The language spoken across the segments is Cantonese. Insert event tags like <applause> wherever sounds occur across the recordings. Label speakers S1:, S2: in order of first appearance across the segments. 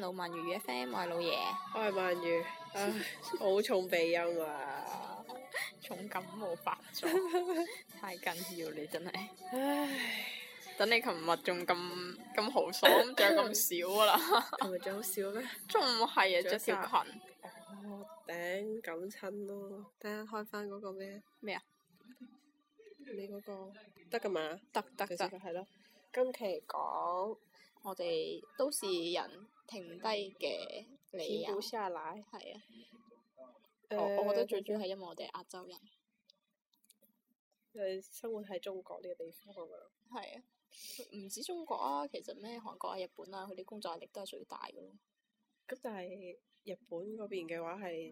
S1: 老文魚 FM，我係老爺。我係文如。唉，好重鼻音啊！重感冒發作，太緊要你真係。唉，等你琴日仲咁咁豪爽，著咁少啊啦。琴日著好少咩？仲唔係啊？着條裙。我頂！感親咯。等下開翻嗰個咩？咩啊？你嗰個得噶嘛？得得得，係咯。今期講。我哋都市人停低嘅理由啊，係啊，呃、
S2: 我我覺得最主要係因為我哋亞洲人，誒、呃、
S1: 生活喺中國呢個地方咁樣。係啊，唔止中國啊，其實咩韓國啊、日本啊，佢啲工作壓力都係最大嘅。咁就係日本嗰邊嘅話係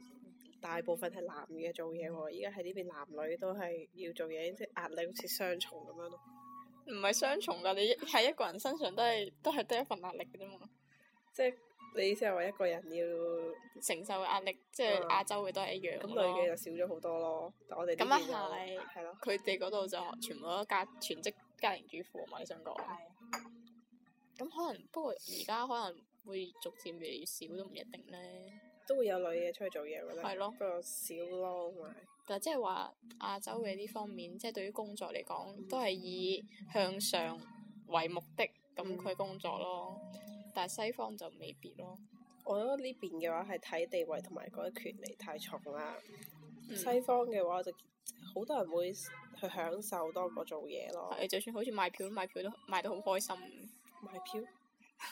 S1: 大部分係男嘅做嘢喎，依家喺呢邊男女都係要做嘢，即係壓力好似雙重咁樣咯。唔係雙重噶，你喺一個人身上都係都係得一份壓力嘅啫嘛。即係你意思係話一個人要承受嘅壓力，即係亞洲嘅都係一樣，咁女嘅就少咗好多咯。咁係我哋係是咯，佢哋嗰度就全部都家全職家庭主婦啊嘛，你想講？咁對可能，不過而家可能會逐漸越嚟越少都唔一定咧。都會有女嘅出去做嘢嘅咧，咯不過少咯，咪。但即係話亞洲嘅呢方面，即係對於工作嚟講，都係以向上為目的，咁佢工作咯。嗯、但係西方就未必咯。我覺得呢邊嘅話係睇地位同埋嗰啲權利太重啦。嗯、西方嘅話就好多人會去享受多過做嘢咯。係，就算好似賣票都賣票都賣得好開心。賣票？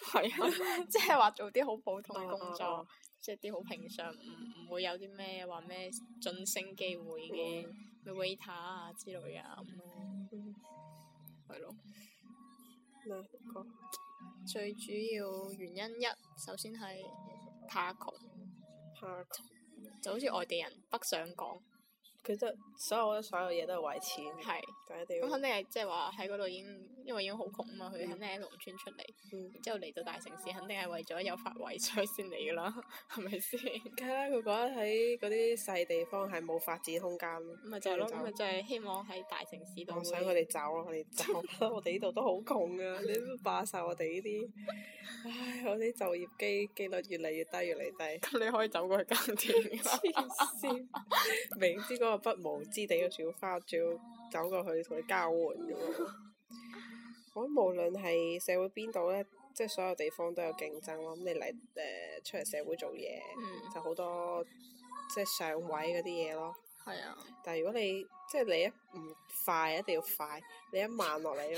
S1: 係啊，即係話做啲好普通嘅工作。 <laughs> 即係啲好平常，唔唔會有啲咩話咩晉升機會嘅咩，哇 waiter 啊之類啊，咁咯，係咯。兩個最主要原因一，首先係怕窮。怕窮窮就好似外地人北上港。其實所，所有我覺得所有嘢都係為錢。係是。第一點。咁肯定係即係話喺嗰度已經。因為已經好窮啊嘛，佢肯定喺農村出嚟，之後嚟到大城市，肯定係為咗有發圍所以先嚟嘅啦，係咪先？梗係啦，佢覺得喺嗰啲細地方係冇發展空間。咪就係咯，咪就係希望喺大城市度。想佢哋走，佢哋走咯！我哋呢度都好窮啊，你都霸晒我哋呢啲。
S2: 唉，
S1: 我哋就業機機率越嚟越低，越嚟低。咁你可以走過去耕田。明知嗰個不毛之地，嘅小花就走過去同佢交換嘅我覺得無論係社會邊度咧，即係所有地方都有競爭咯。咁你嚟誒、呃、出嚟社會做嘢，mm. 就好多即係上位嗰啲嘢咯。係啊！但係如果你即係你一唔快，一定要快，你一慢落嚟一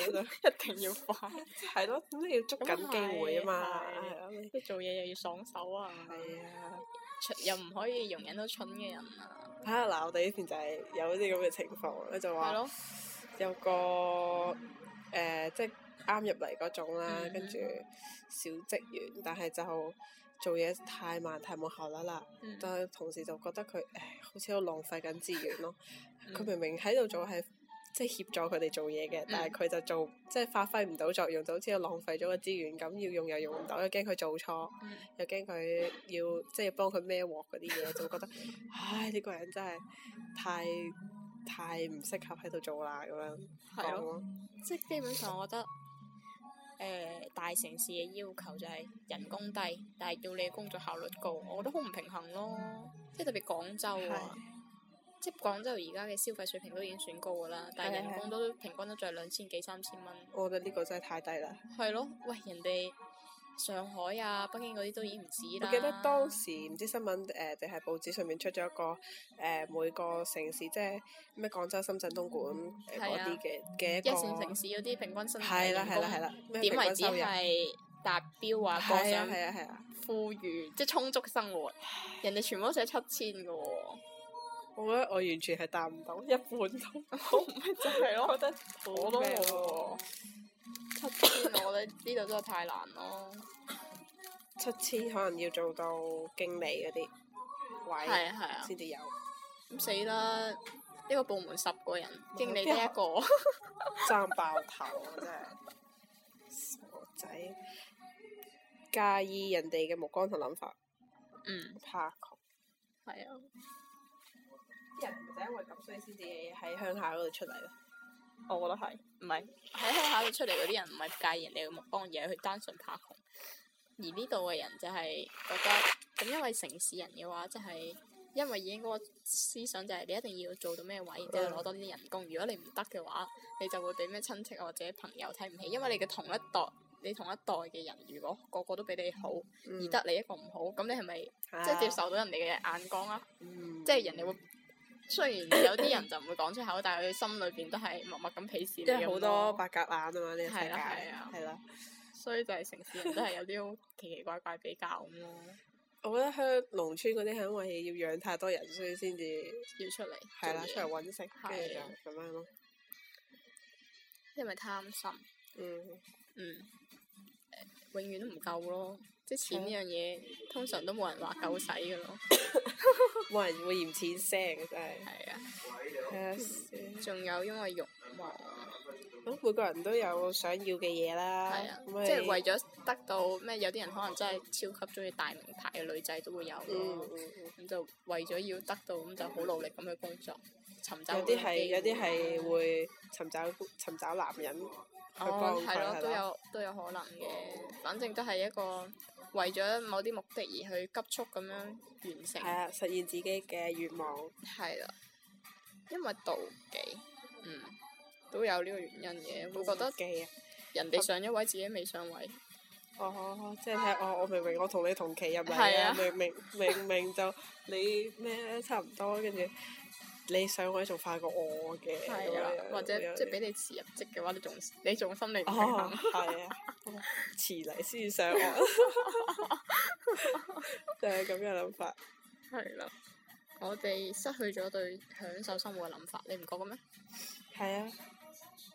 S1: 定要快，係 <laughs> 咯。 <laughs> <laughs> 咁你要捉緊機會啊嘛，係啊、 <laughs> 就是，你做嘢又要爽手啊！係啊， 又唔可以容忍到蠢嘅人啊！嗱，我哋呢邊就係有啲咁嘅情況，佢就話有個。 誒、呃，即係啱入嚟嗰種啦，跟住、mm hmm. 小職員，但係就做嘢太慢太冇效率啦，但、mm hmm. 同事就覺得佢誒，好似有浪費緊資源咯。佢、mm hmm. 明明喺度做係即係協助佢哋做嘢嘅，mm hmm. 但係佢就做即係發揮唔到作用，就好似有浪費咗個資源咁，要用又用唔到，又驚佢做錯，mm hmm. 又驚佢要即係幫佢孭鑊嗰啲嘢， <laughs> 就覺得唉呢、呢個人真係太～太唔適合喺度做啦，咁樣講咯。的 <laughs> 即係基本上，我覺得誒、呃、大城市嘅要求就係人工低，但係要你嘅工作效率高，我覺得好唔平衡咯。即係特別廣州啊，的即係廣州而家嘅消費水平都已經算高㗎啦，的但係人工都的平均都仲有兩千幾三千蚊。我覺得呢個真係太低啦。係咯，喂人哋。上海啊，北京嗰、啊、啲都已經唔止啦。我記得當時唔知新聞誒定係報紙上面出咗一個誒、呃、每個城市即係咩廣州、深圳東、東莞嗰啲嘅嘅一線城市嗰啲平均薪金點為止係達標啊，係啊係啊係啊富裕即係充足嘅生活， <laughs> 人哋全部都寫七千嘅喎。我覺得我完全係答唔到一半都，唔係咯，我都冇喎。七千，我哋呢度真係太難咯。七千可能要做到經理嗰啲位先至有。咁死啦！一、啊嗯呢個部門十個人，啊、經理得一個，爭有 <laughs> 爆頭啊！ <laughs> 真係傻仔，介意人哋嘅目光同諗法。嗯。怕窮。係啊。啲人就因為咁所以先至喺鄉下嗰度出嚟。我覺得係，唔係喺鄉下度出嚟嗰啲人，唔係介意人哋嘅目光，而係佢單純怕窮。而呢度嘅人就係覺得，咁因為城市人嘅話，即係，因為已經嗰個思想就係你一定要做到咩位，即係攞多啲人工。如果你唔得嘅話，你就會畀咩親戚或者朋友睇唔起，因為你嘅同一代，你同一代嘅人如果個個都比你好，嗯、而得你一個唔好，咁你係咪即係接受到人哋嘅眼光啊？即係、嗯、人哋會。雖然有啲人就唔會講出口，但係佢心裏邊都係默默咁鄙視你，好多白鴿眼啊嘛！啲、這個、世界係啦，係啊， <laughs> 的 <laughs> 所以就係城市人都係有啲種奇奇怪怪比較咁咯。 <laughs> 我覺得鄉農村嗰啲係因為要養太多人，所以先至要出嚟。係、嗯、啦，出嚟揾食，跟住咁樣咯。因為貪心。嗯，嗯。嗯。永遠都唔夠咯～啲錢呢樣嘢通常都冇人話夠使嘅咯，冇 <laughs> 人會嫌錢腥嘅真係。係啊。仲 Yes. 有因為慾望。咁、哦、每個人都有想要嘅嘢啦。係啊。為即係為咗得到咩？有啲人可能真係超級中意大名牌嘅女仔都會有。嗯。咁就為咗要得到，咁就好努力咁去工作，尋找有。有啲係有啲係會尋找尋找男人去幫佢。係咯，哦啊啊、都有都有可能嘅，反正都係一個。為咗某啲目的而去急速咁樣完成。係啊，實現自己嘅願望。係啦，因為妒忌。嗯。都有呢個原因嘅，我覺得妒忌啊！人哋上，上一位，自己未上位。哦，即係睇我，我明明我同你同期入嚟係啊，明明明明就你咩差唔多，跟住。.你上位仲快過我嘅，的樣或者即係俾你遲入職嘅話，你仲你仲心理唔平衡，係啊、哦 <laughs> 哦，遲嚟先上岸， <laughs> <laughs> 就係咁嘅諗法。係咯，我哋失去咗對享受生活嘅諗法，你唔覺得咩？係啊。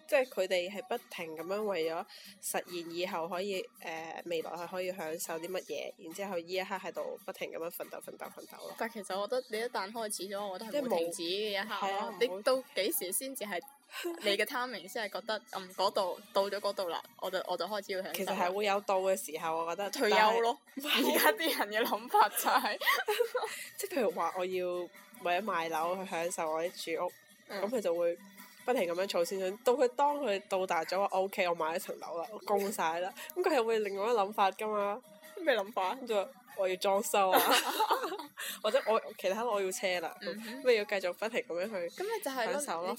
S1: 即係佢哋係不停咁樣為咗實現以後可以誒、呃、未來係可以享受啲乜嘢，然之後依一刻喺度不停咁樣奮鬥奮鬥奮鬥咯。但係其實我覺得你一旦開始咗，我都你你覺得係冇停止嘅一刻，你到幾時先至係你嘅 timing 先係覺得嗯嗰度到咗嗰度啦，我就我就開始要享受。其實係會有到嘅時候，我覺得退休咯。而家啲人嘅諗法就係， <laughs> <laughs> 即係譬如話，我要為咗買樓去享受我啲住屋，咁佢、嗯、就會。不停咁樣儲先，到佢當佢到達咗話 O K，我買咗層樓啦，我供晒啦，咁佢係會另外一個諗法噶嘛？咩諗法？佢話我要裝修啊， <laughs> <laughs> 或者我其他我要車啦，咁咪、嗯、哼要繼續不停咁樣去你就享受咯。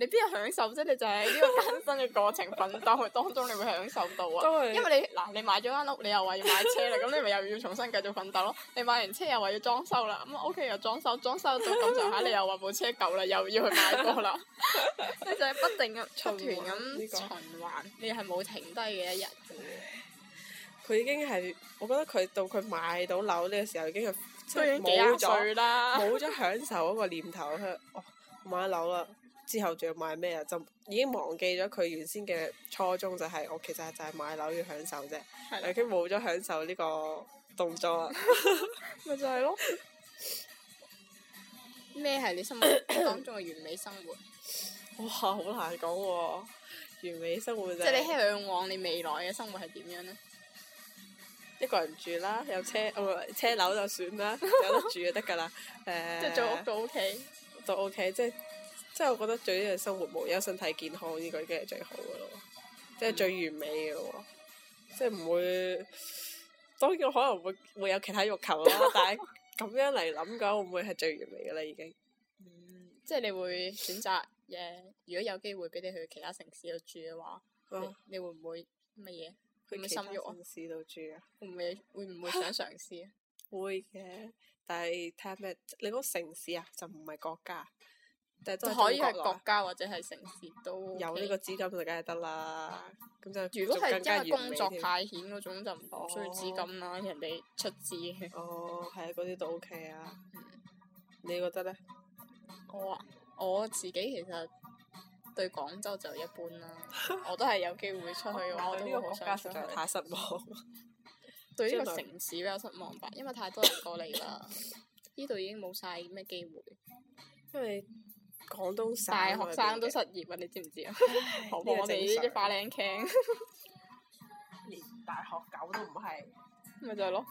S1: 你邊有享受啫？你就係呢個更新嘅過程奮鬥當中，你會享受到啊！是因為你嗱，你買咗間屋，你又話要買車啦，咁 <laughs> 你咪又要重新繼續奮鬥咯。你買完車又話要裝修啦，咁、嗯、啊 O，K 又裝修，裝修到咁上下， <laughs> 你又話部車夠啦，又要去買過啦。 <laughs> 你就係不定咁出團咁循環，這個、你係冇停低嘅一日。佢已經係，我覺得佢到佢買到樓呢個時候已經係，冇咗享受嗰個念頭。佢哦買樓啦。之後仲要買咩啊？就已經忘記咗佢原先嘅初衷，就係、是、我其實就係買樓要享受啫，的已經冇咗享受呢個動作啦。咪 <laughs> 就係咯了。咩係你心目中嘅完美生活？ <coughs> 哇，好難講喎、啊！完美生活就即、是、係你嚮往，往你未來嘅生活係點樣呢？一個人住啦，有車哦、呃，車樓就算啦，有 <laughs> 得住就得噶啦。誒，即係做屋，都做屋就 OK，就 OK，即係。即係我覺得最緊要生活無憂、身體健康呢個已經係最好嘅咯，即係最完美嘅喎，嗯、即係唔會當然可能會會有其他欲求咯， <laughs> 但係咁樣嚟諗嘅話，會唔會係最完美嘅咧？已經、嗯，即係你會選擇嘢。如果有機會俾你去其他城市度住嘅話、哦你，你會唔會乜嘢？去其他城市度住啊？ <laughs> 會唔會會唔會想嘗試啊？會嘅，但係睇下咩？你個城市啊，就唔係國家。都可以係國家或者係城市都、OK、有呢個資金就梗係得啦，咁就如果係因為工作派遣嗰種就唔需要資金啦，哦、人哋出資。哦，係啊，嗰啲都 OK 啊。嗯、你覺得呢？我我自己其實對廣州就一般啦、啊， <laughs> 我都係有機會出去嘅、啊、話， <laughs> 我都好想想去。太失望，
S2: <laughs> 對呢個城
S1: 市比較失望吧，因為太多人過嚟啦，呢度 <coughs> 已經冇晒咩機會，因為。廣東省，大學生都失業啊！嗯、你知唔知啊？我哋呢啲花靚 Ken，連大學狗都唔係，咪就係咯。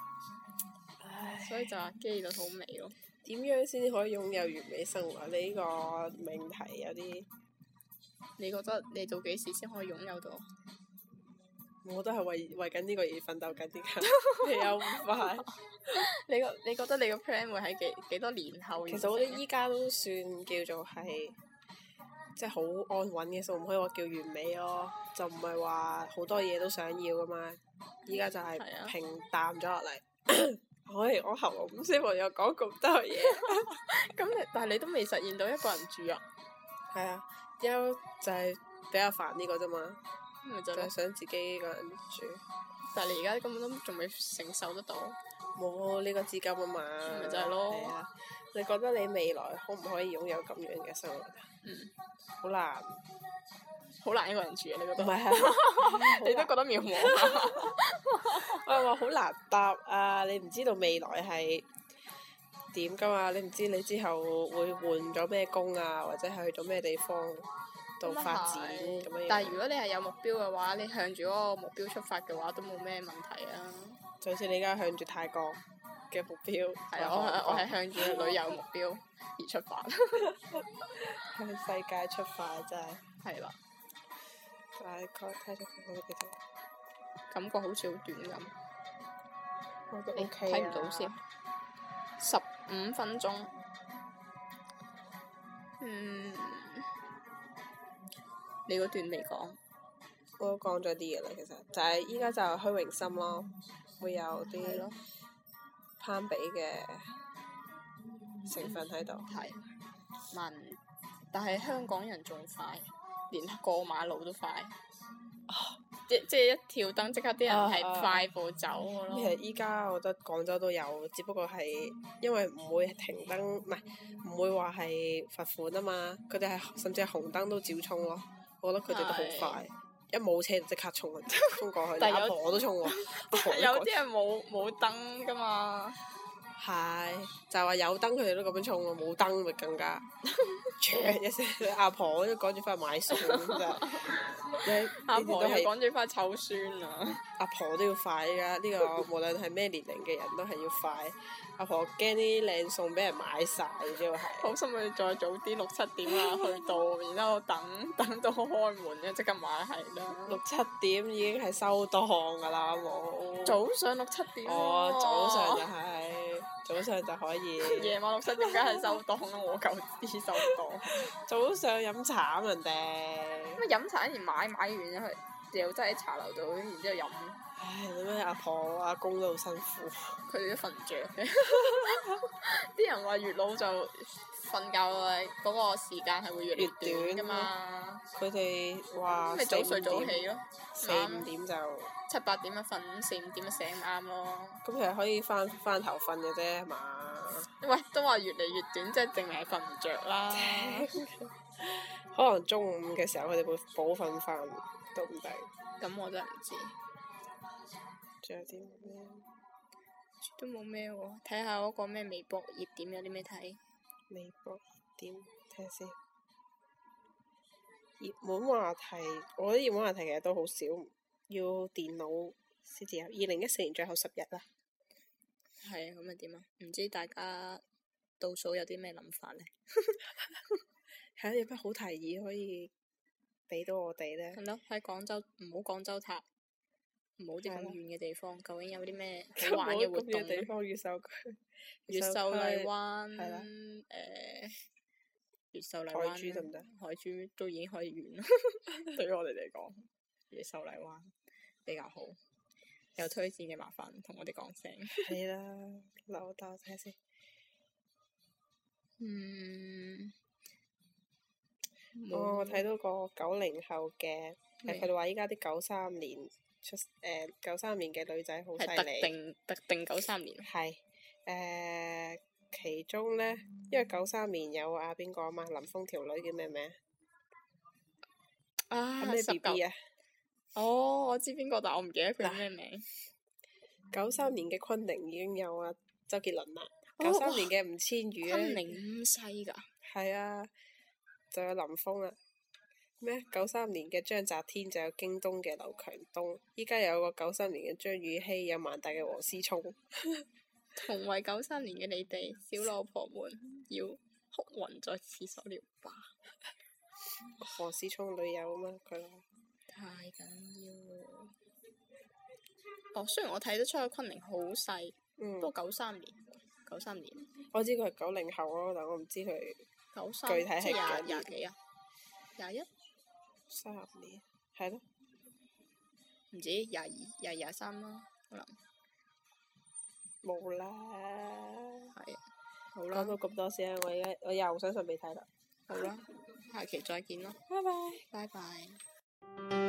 S1: 所以就係基到好尾咯。點樣先可以擁有完美生活？呢個命題有啲，你覺得你到幾時先可以擁有到？我都係為為緊呢個而奮鬥緊啲㗎，你又唔快？你個 <laughs> <laughs> <laughs> 你覺得你個 plan 會喺幾幾多年後？其實我覺得依家都算叫做係，即係好安穩嘅，數唔可以話叫完美咯、啊，就唔係話好多嘢都想要噶嘛。
S2: 依家 Yeah, 就係
S1: 平淡咗落嚟。我我喉嚨唔舒服，我又講咁多嘢。咁 <laughs> <laughs> <laughs> 你但係你都未實現到一個人住啊？係啊，依家就係比較煩呢個啫嘛。就係想自己一個人住，但係你而家根本都仲未承受得到。冇呢個資金啊嘛，咪就係咯。你覺得你未來可唔可以擁有咁樣嘅生活？嗯，好難，好難一個人住啊！你覺得？麼 <laughs> 你都覺得渺茫啊！我話好難答啊！你唔知道未來係點噶嘛？你唔知你之後會換咗咩工啊，或者係去到咩地方？但係是如果你係有目標嘅話，你向住嗰個目標出發嘅話，都冇咩問題啊！就算你而家向住泰國嘅目，目標，係啊，我係我係向住旅遊目標而出發， <laughs> <laughs> <laughs> 向世界出發真係。係啦吧。但係睇睇感覺好似好短咁。O、OK、K。睇唔到先。十五分鐘。嗯。你嗰段未講，我都講咗啲嘢啦。其實就係依家就係虛榮心咯，會有啲攀比嘅成分喺度。係，問，但係香港人仲快，連過馬路都快。啊！即即一條燈，即刻啲人係快步走咯。其實依家我覺得廣州都有，只不過係因為唔會停燈，唔係唔會話係罰款啊嘛。佢哋係甚至係紅燈都照衝咯。我覺得佢哋都好快，一冇是車就即刻衝，衝過去。阿婆我都衝過，有啲人冇冇燈噶嘛。係，就話有燈佢哋都咁樣衝咯，冇燈咪更加，一聲阿婆都趕住翻去買餸，咁阿婆係趕住翻湊孫啊！阿婆都要快噶，呢個無論係咩年齡嘅人都係要快。阿婆驚啲靚餸俾人買晒。主要係。好心佢再早啲六七點啊去到，然之後我等等到我開門咧，即刻買係啦。六七點已經係收檔噶啦，冇。早上六七點。哦，早上就係。哦。早上就可以，夜晚六七點梗係收檔啦，啊， <laughs> 我夠知收檔。 <laughs> 早上飲茶咁、啊、人哋，咁啊飲茶一、啊、年買買完又係、啊。又真喺茶樓度，然之後飲。唉，咁樣阿婆阿公都好辛苦。佢哋都瞓唔着嘅。啲人話越老就瞓覺嘅嗰個時間係會越嚟越短㗎嘛。佢哋話早睡早起咯，四五點就七八點一瞓，四五點一醒啱咯。咁其實可以翻翻頭瞓嘅啫，係嘛？因為，都話越嚟越短，即係淨係瞓唔着啦。 <laughs> <laughs> 可能中午嘅時候佢哋會補瞓翻。到底咁，都我都係唔知。仲有啲都冇咩喎，睇下嗰個咩微博熱點有啲咩睇。微博熱點睇下先。熱門話題，我覺得熱門話題其實都好少，要電腦先至有。二零一四年最後十日啦。係啊，咁咪點啊？唔知大家倒數有啲咩諗法呢？係 <laughs> 啊，有咩好提議可以？俾到我哋咧？係咯，喺廣州唔好廣州塔，唔好啲咁遠嘅地方。究竟有啲咩好玩嘅活動？地方越秀區、
S2: 越秀荔灣、係
S1: 啦、誒、越秀荔灣海珠得唔得？海珠都已經可以遠啦。對於我哋嚟講，越秀荔灣比較好，有推薦嘅，麻煩同我哋講聲。係啦，留低睇先。嗯。
S2: 哦、我睇到
S1: 個九零後嘅，
S2: 誒佢哋話
S1: 依家啲九三年出誒九三年嘅女仔好犀利。定特定九三年。係誒、呃，其中咧，因為九三年有啊邊個啊嘛？林峰條女叫咩名？
S2: 啊！b 啊
S1: ？BB 啊 19, 哦，我知邊個，但我唔記得佢咩名。九三、呃、年嘅昆凌已經有啊，周杰倫啦。九三、哦、年嘅吳千語咧。昆凌細㗎。係啊！就有林峰啦、啊，咩九三年嘅張澤天，就有京東嘅劉強東，依家有個九三年嘅張雨希，有萬達嘅王思聰， <laughs> 同為九三年嘅你哋小老婆們要哭暈在廁所了吧？王思聰女友嘛，佢？太緊要咯！哦，雖然我睇得出佢昆凌好細，都九三年，九三年。我知佢係九零後咯，但我唔知佢。具體係幾廿幾啊？廿一三年，係咯？唔知廿二、廿二、廿三啦。冇啦。係。好啦。都到咁多時間，我而家我又想順便睇啦。好啦，下期再見啦。
S2: 拜拜 bye，拜
S1: 拜。